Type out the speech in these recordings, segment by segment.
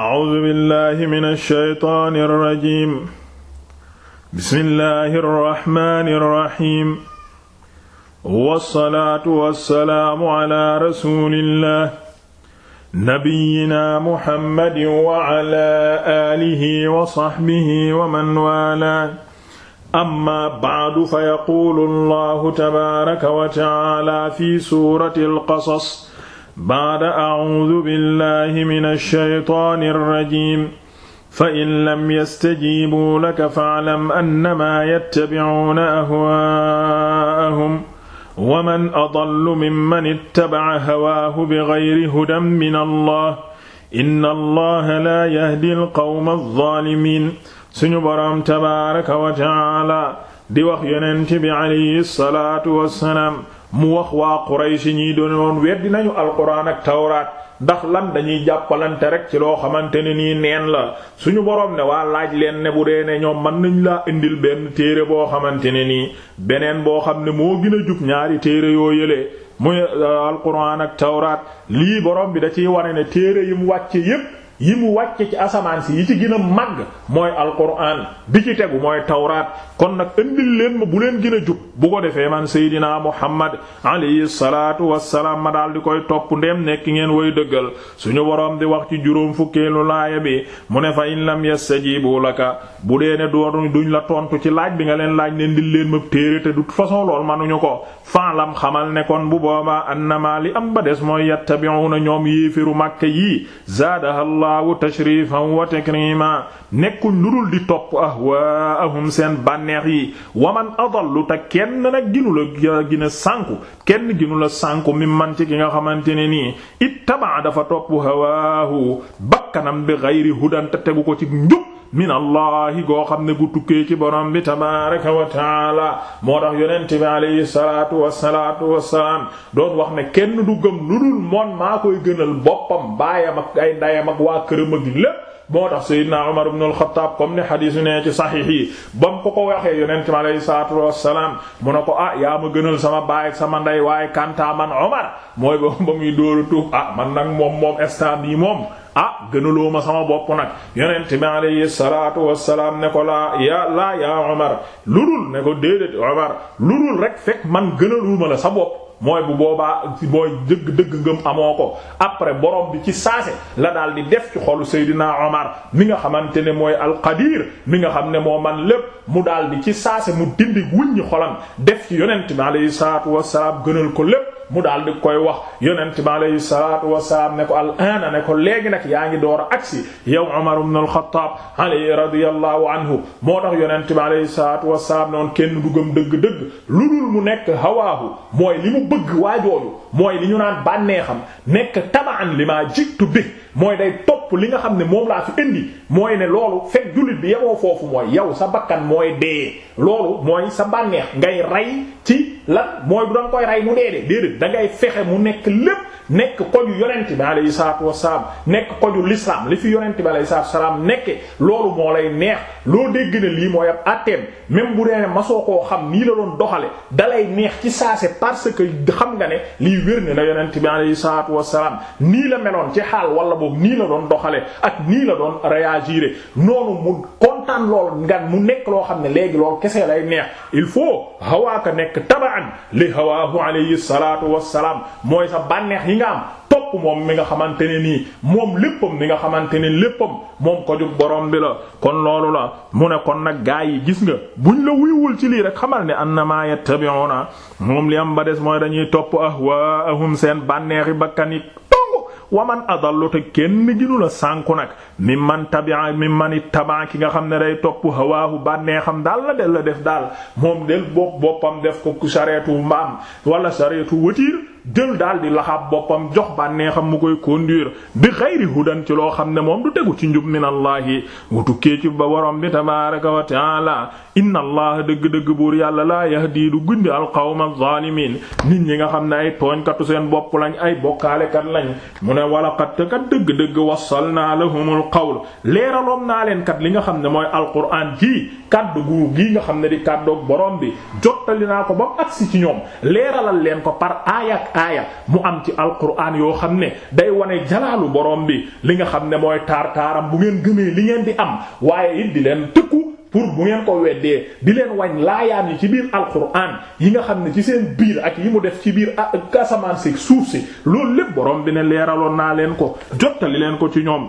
A'uuzu billaahi mina shaytaani rajiim. Bismillaahi rahmaani rahiim. Wassalaatu wassalaamu alaa rasuulillaah. Nabiyyinaa Muhammadin wa alaa aalihi wa sahbihi wa man waalaa. Amma ba'du fayaquulu Allaahu tabaaraka wa ta'aalaa fi suuratil qasas. baada acuudu billahi min alshaytaan alrajim fa in lam yastajiibuu laka faclam annamaa yattabicuuna ahwaa'ahum wa man adallu mimman ittabaca hawaahu bigayri hudan min allah inna allaha laa yahdi alqawma alzaalimiin suñu boroom tabaaraka wa tacaala di wax yonent bi alayhi salaatu wassalaam mu wax waa Quraysh ñi doon woon weddi nañu alquran ak tawraat ndax lan dañuy jàppalante rek ci loo xamante ne nii neen la suñu boroom ne waa laaj leen ne bu dee ne ñoom mën nañ laa indil benn téere boo xamante ne nii beneen boo xam ne moo gën a jub ñaari téere yoo yëlee muy euh, alquran ak tawraat lii boroom bi da ciy wane ne téere yi yim wàcce yépp yi mu wàcce ci asamaan si yi ci gën a màgg mooy alquran bi ci tegu mooy tawraat kon nag indil leen ma bu leen gën jub bu ko defee man seydinaa muhammad alayhi salaatu wassalaam ma daal di koy topp ndeem nekk ngeen way dëggal suñu boroom di wax ci juróom fukkeelu laaya bi mu ne fa in lam yastajibu bu dee ne dootuñ duñ la tontu ci laaj bi nga leen laaj ne ndil leen ma téere te du façon lool manuñu ko faalam xamal ne kon bu boobaa annama li am ba des mooy yattabi'una ñoom yéefiru màkke yi zaadahallah allahu tashrifan wa takrima nekkuñ lu dul di topp ahwaahum seen bànneex yi waman adallu te kenn nag ginu la gina sànku kenn ginu la sànku mi man ci ki nga xamante ne nii ittaba dafa topp hawaahu bakkanam bi ghayri hudan te tegu ko ci njub minallahi goo xam ne gu tukkee ci borom bi tabaraka wa taala moo tax yonente bi alayhi salaatu wasalaatu wasalaam doon wax ne kenn du gëm lu dul moon maa koy gënal boppam baayam ak ay ndayam ak waa këram ak lépp moo tax Seydina Umar ibn al-Khattab comme ni xadiis yu ne ci saxiix yi ba mu ko ko waxee yonente bi alayhi salaatu wasalaam mu ne ko ah yaa ma gënal sama baay ak sama nday waaye kantaa man Umar mooy ba muy dóoru tuuf ah man nag moom moom instant moom ah gënaloo ma sama bopp nag yonent bi alayhi salaatu wassalaam ne ya laa yaa Omar ne ko déedéet Omar lurul rek fekk man gënaluma la sa bopp mooy bu boobaa mooy dëgg dëgg ngëm amoo ko après borom bi ci saase la daal di def ci xolu Seydina Omar mi nga xamante ne mooy alqadir mi nga xam ne moo man lépp mu daal di ci saase mu dindi wuññi xolam def ci yonent bi alayhi salaatu wassalaam gënal ko lépp mu daal di koy wax yonent bi alayhi salaatu wasalaam ne ko al aana ne ko léegi nag yaa ngi door a agsi yow Umar ibn al-Khattab alayhi radiyallahu anhu moo tax yonent bi alayhi salaatu wasalaam noonu kenn du gëm dëgg-dëgg lu dul mu nekk hawaahu mooy li mu bëgg waajooju mooy li ñu naan bànnee xam nekk tabaan li maa jiitu bi mooy day topp topp li nga xam ne moom laa fi indi mooy ne loolu fekk jullit bi yemoo foofu mooy yow sa bakkan mooy dee loolu mooy sa bànneex ngay rey ci la mooy bu danga koy rey mu dee de déedéet da ngay fexe mu nekk lépp nekk koju yonent bi alayhi salaatu wasalaam nekk koju l'islam li fi yonent bi alayhi salaatu wasalaam nekke loolu moo lay neex loo dégg ne lii mooy ab atteem même bu dee ne masoo koo xam nii la doon doxale dalay neex ci saase parce que xam nga ne lii wér ne na yonent bi alayhi salaatu wasalaam nii la meloon ci xaal wala boobu nii la doxale ak nii la doon réagir noonu mu kontaan lool ngan mu nekk loo xam ne léegi lool kese lay neex il faut hawaaka nekk tabaan li hawaahu alayhi salatu wassalaam mooy sa bànneex yi nga am topp moom mi nga xamante ne nii moom léppam mi nga xamante ne léppam moom ko borom bi la kon loolu la mu ne kon nag gaa yi gis nga buñ la wuyuwul ci lii rek xamal ne annama yattabi'una moom li am ba des mooy dañuy topp ahwaahum seen bànneexi bakkanik wa man adallu te kenn ginu la sànku nag mi man tabi'a mi man ittaba ki nga xam ne day topp hawaahu bànnee xam daal la del def daal moom del bopp boppam def ko ku sareetu mbaam wala sareetu wëtiir jël daal di laxaab boppam jox bànneexam mu koy conduire bi xayri hudan ci loo xam ne moom du tegu ci njub minallahi mu tukkee ci ba borom bi tabaaraka wa taala inna allah dëgg-dëgg buur yàlla laa yahdi du gundi alqawma zalimin nit ñi nga xam ne ay tooñkatu seen bopp lañ ay bokkaalekat lañ mu ne wala kat kat dëgg-dëgg wassal naa lahumul qawl leeraloon naa leen kat li nga xam ne mooy alquraan jii kaddu gu gii nga xam ne di kaddoog borom bi jottali naa ko ba mu agsi aaya mu am ci alquran yoo xam ne day wane jalaalu boroom bi li nga xam ne mooy taar taaram bu ngeen gëmee li ngeen di am waaye it di leen tëkku pour bu ngeen ko weddee di leen wañ laayaan yi ci biir alquran yi nga xam ne ci seen biir ak yi mu def ci biir asamaan si suuf si loolu lépp borom bi ne leeraloon naa leen ko jottali leen ko ci ñoom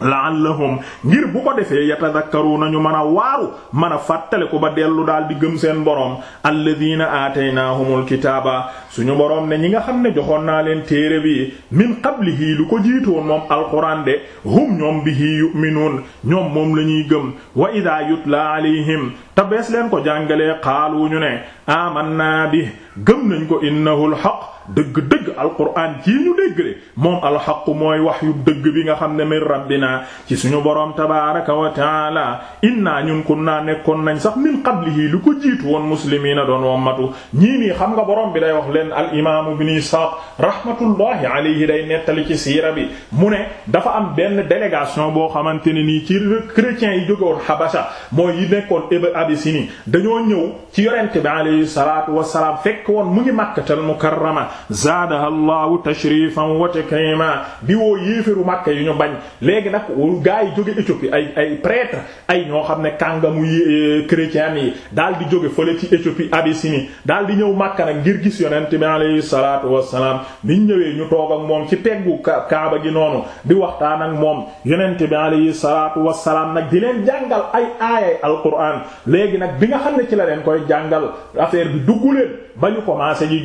la'allahum ngir bu ko defee yatadakkaruna ñu mën a waaru mën a fàttale ko ba dellu daal di gëm seen borom alladina aataynahumul kitaaba suñu borom ne ñi nga xam ne joxoon naa leen téere bi min qablihi lu ko jiitoon moom alquran de hum ñoom bihi yu'minuun ñoom moom la ñuy gëm wa ida yutla alayhim te bees leen ko jàngalee qaalu ñu ne amanna bi gëm nañ ko innahu al haqq dëgg-dëgg alquran ci ñu dégg de moom alxaqu mooy wax dëgg bi nga xam ne min rabbina ci suñu boroom tabaraka wa taala inna ñun naa nekkoon nañ sax min qablihi lu ko jiitu woon muslimiina doon wommatu ñii nii xam nga boroom bi day wax leen al imaamu ibn Isaaq rahmatullahi alayhi day nettali ci siira bi mu ne dafa am benn délégation boo xamante ne nii ci chrétiens yi jógewoon Habasha mooy yi nekkoon Abisini dañoo ñëw ci yorente bi alayhi salaatu wassalaam fekk woon mu ngi Makkatal Mukarrama zaadaha allahu tashrifan wa takrima di woo yéeféru Makka yu ñu bañ léegi nag gaa yi jóge Éthiopie ay ay prêtre ay ñoo xam ne kàngamu euh, chrétiens yi daal di jóge fële ci Éthiopie Abyssinie daal di ñëw Makka nag ngir gis yonent bi alayhi salaatu wassalaam niñ ñëwee ñu toog ak moom ci peggu kaaba gi noonu di waxtaan ak moom yonent bi alayhi salaatu wassalaam nag di leen jàngal ay aayay alquran léegi nag bi nga xam ne ci la leen koy jàngal affaire bi dugg ba ñu commencé ji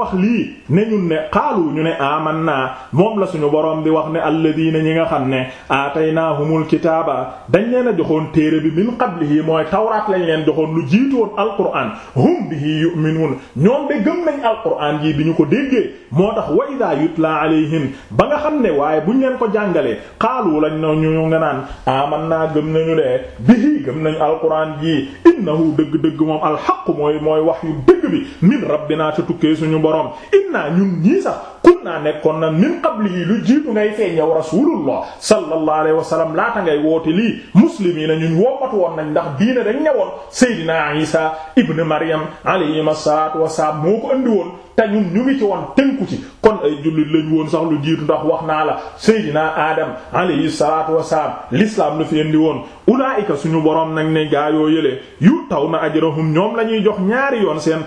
wax lii ne ñun ne xaalu ñu ne aman naa moom la suñu boroom bi wax ne alladina ñi nga xam ne naa aataynaahumul kitaaba dañ leen a joxoon téere bi min yi mooy tawraat lañ leen joxoon lu jiitoon alquraan hum bihi yu'minuun ñoom de gëm nañ alquraan yi bi ñu ko déggee moo tax wa idaa yutla alayhim ba nga xam ne waaye buñ leen ko jàngalee xaalu lañ na ñu nga naan aman naa gëm nañu de bihi gëm nañu alquraan yi innahu dëgg-dëgg moom alxaq mooy mooy wax suñu borom inna ñun ñii sax kunnaa nekkoon na min qablihi lu jiitu ngay feeñ yow rasulullah sallallahu alayhi wa sallam laata ngay woote lii muslimiina ñun wommatu woon nañ ndax diina dañ ñëwoon Seydina Isa ibn Maryam alayhi salaatu wasalaam moo ko andi woon ta ñun ñu ngi ci woon tënku ci kon ay jullit lañ woon sax lu jiitu ndax wax naa la Seydina Adam alayhi salaatu wasalaam l'islam la fi andi woon ulaa'ika suñu borom nag ne gaayoo yële yu taw na ajrahum ñoom la ñuy jox ñaari yoon seen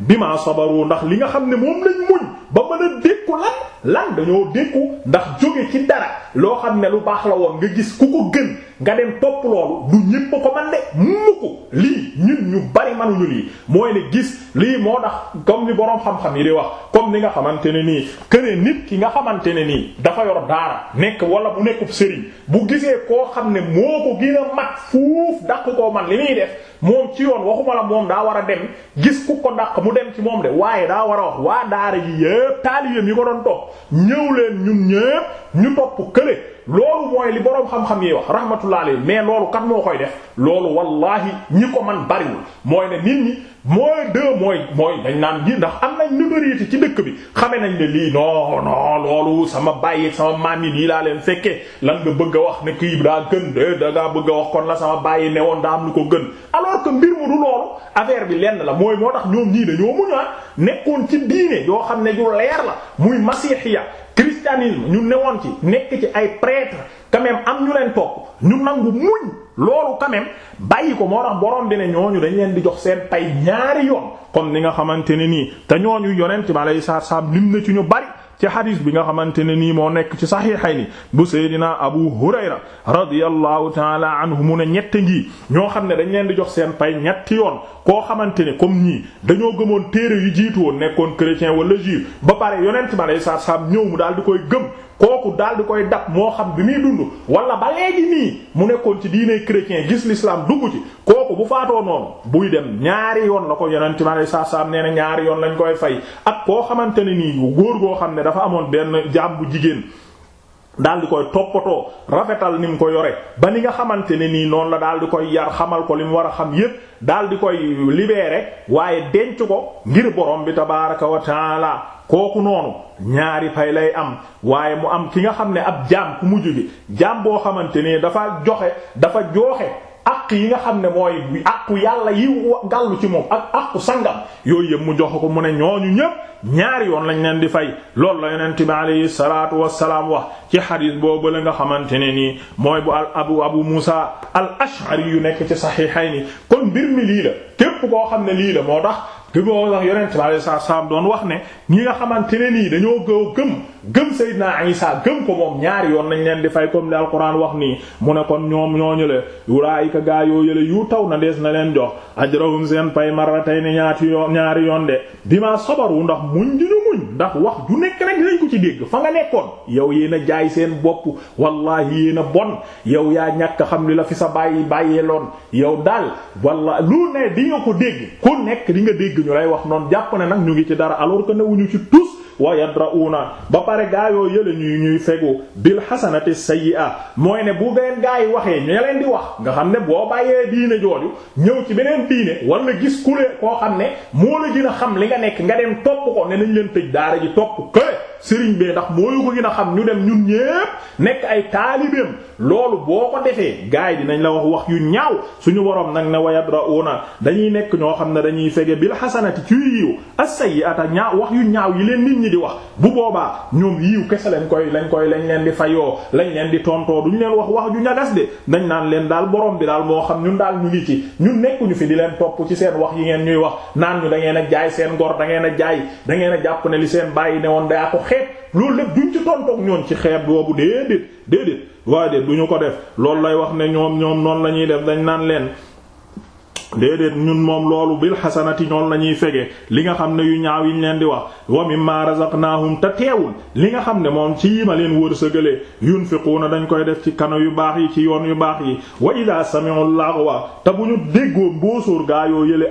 bi maa sabaru ndax li nga xam ne moom lañ muñ ba mën a dékku lan lan dañoo dékku ndax jóge ci dara loo xam ne lu baax la woon nga gis ku ko gën nga dem topp loolu du ñépp ko man de mukk lii ñun ñu bari manuñu lii mooy ne gis lii moo tax comme ni boroom xam-xam yi di wax comme ni nga xamante ne nii këne nit ki nga xamante ne nii dafa yor daara nekk wala bu nekkub sëriñ bu gisee koo xam ne moo ko gën a mat fuuf dàq koo man li muy def moom ci yoon waxuma la moom daa war a dem gis ku ko dàq mu dem ci moom de waaye daa war a wax waa daara yi yépp taalibeem yi ko doon topp ñëw leen ñun ñu topp kële loolu mooy li boroom xam-xam yi wax rahmatullah mais loolu kat moo koy def loolu wallahi ñi ko man bariwul mooy ne nit ñi mooy deux mooy mooy dañ naan ji ndax am nañ notoriété ci dëkk bi xame nañ ne lii non non loolu sama bàyyi sama maam yi lii laa leen fekkee lan nga bëgg a wax ne kii daa gën da ngaa bëgg a wax kon la sama bàyyi ne woon daa am lu ko gën alors que mbir mu du loolu affaire bi lenn la mooy moo tax ñoom ñii dañoo muñ a ah, nekkoon ci diine yoo xam ne ju leer la muy masihiya christianisme ñu newoon ci nekk ci ay prêtre quand am ñu leen topp ñu nangu muñ loolu quand même bàyyi ko moo tax borom bi ne ñooñu dañ leen di jox seen pay ñaari yoon kon ni nga xamante ne nii te ñooñu yonent bi alayhi salaam lim na ci ñu bari ci xadis bi nga xamante ne nii moo nekk ci saxiixayni bu Seydina Abu Hurayra radiyallahu taala anhu mu ne ñett ngi ñoo xam ne dañ leen di jox seen pay ñetti yoon koo xamante ne comme ñii dañoo gëmoon téere yu jiitu woon nekkoon chrétien wala juif ba pare yonent ma lay saa saam daal di koy gëm kooku daal di koy dab moo xam bi muy wala ba nii mu nekkoon ci diine chrétien gis l'islam dugg ci kooku bu faatoo noonu buy dem ñaari yoon la ko yonent ma lay saa saam nee ñaari yoon lañ koy fay ak koo góor goo xam ne dafa amoon benn jaam bu jigéen daal di koy toppatoo rafetal ni mu ko yore ba ni nga xamante ne nii noonu la daal di koy yar xamal ko li mu war a xam yépp daal di koy libéré waaye denc ko ngir borom bi tabaaraka wa taala kooku noonu ñaari fay lay am waaye mu am ki nga xam ne ab jaam ku mujj gi jaam boo xamante ne dafa joxe dafa jooxe àq yi nga xam ne mooy akku yàlla yi gàllu ci moom ak àqu sangam yooyu yëpp mu jox ko mu ne ñooñu ñëpp ñaari yoon lañ leen di fay loolu la yonent bi alayhi salaatu wassalaam wax ci xadis boobu la nga xamante ne mooy bu al abu abu musa al ash'ari yu nekk ci saxiixayni kon mbir mi lii la képp koo xam ne lii moo tax te boo wax yonent bi alayhi salaam doon wax ne ñi nga xamante ne nii dañoo gëw gëm gëm Seydina Isa gëm ko moom ñaari yoon nañ leen di fay comme li alquran wax nii mu ne kon ñoom ñooñu le ulaayika gaa yoo yële yu taw na dees na leen jox ajrahum seen pay ne ñaati yoon ñaari yoon de bima sabaru ndax muñ ndax wax du nekk rek dinañ ko ci dégg fa nga nekkoon yow yéen a jaay seen bopp wallaahi yéen a bon yow yaa ñàkk xam li la fi sa bàyyi bàyyee bàyyeeloon yow daal walla lu ne di nga ko dégg ku nekk di nga dégg ñu lay wax noon jàpp ne nag ñu ngi ci dara alors que newuñu ci tous wa yadra'una ba pare gaa yoo yële ñuy ñuy fegu bil hasanati sayyi'a mooy ne bu beneen gaa yi waxee ña leen di wax nga xam ne boo bàyyee diine jooju ñëw ci beneen diine wala gis kulee koo xam ne moo la gën a xam li nga nekk nga dem topp ko ne nañ leen tëj daara ji topp kële sëriñ bee ndax moo yu ko gën a xam ñu dem ñun ñépp nekk ay taalibeem loolu boo ko defee gars yi dinañ la wax wax yu ñaaw suñu borom nag ne wayadrauna dañuy nekk ñoo xam ne dañuy fege bil xasanati ci yiw as a ñaaw wax yu ñaaw yi leen nit ñi di wax bu boobaa ñoom yiw kese lañ koy lañ koy lañ leen di fayoo lañ leen di tontoo duñ leen wax wax ju ñagas de dañ naan leen daal borom bi daal moo xam ñun daal ñu ngi ci ñun nekkuñu fi di leen topp ci seen wax yi ngeen ñuy wax naan ñu da ngeen a jaay seen ngor da ngeen a jaay da a jàpp ne li seen bàyyi ne woon daa ko xeeb loolu lépp duñ ci tontoog ñoon ci boobu déedéet déedéet waaye de du ñu ko def loolu lay wax ne ñoom ñoom noonu la ñuy def dañ naan leen déedéet ñun moom loolu bil xasanati ñoom la ñuy fege li nga xam ne yu ñaaw yiñ leen di wax wa mimma razaqnaahum te teewul li nga xam ne moom ci yi ma leen wërsëgale yunfiquuna dañ koy def ci kano yu baax yi ci yoon yu baax yi wa ida sami'u wa te bu ñu déggoo mboosóor gaa yoo yële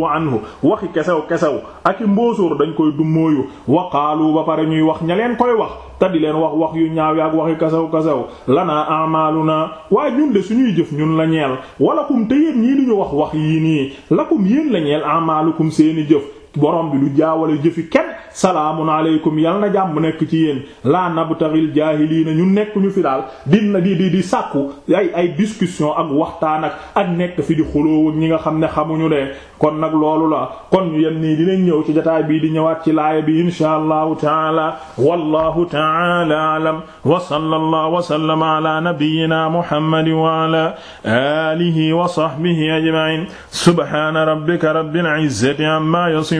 wa anhu waxi kesew-kesew ak i mboosóor dañ koy dummóoyu wa qaalu ba pare ñuy wax ñeleen leen koy wax te di leen wax wax yu ñaaw yaak waxi kasaw-kasaw lanaa a'maaluna waaye ñun de suñuy jëf ñun la ñeel walakum te yeen ñii yii nii la lakum yéen la ñeel amaalukum seeni jëf borom bi du jaawale jëfi kenn salaamun aleykum yal na jàmm nekk ci yéen laa nabtaghil jaahiliina ñu nekk ñu fi daal dina di di di sàkku ay ay discussion ak waxtaan ak ak nekk fi di xuloo ñi nga xam ne xamuñu de kon nag loolu la kon yem nii dinañ ñëw ci jotaay bii di ñëwaat ci laaya bi insha allah taala wallahu taala alam wa sallallahu wa sallama ala nabiyyina muhammadin wa ala alihi wa sahbihi ajma'in subhana rabbika rabbil izzati amma yasifun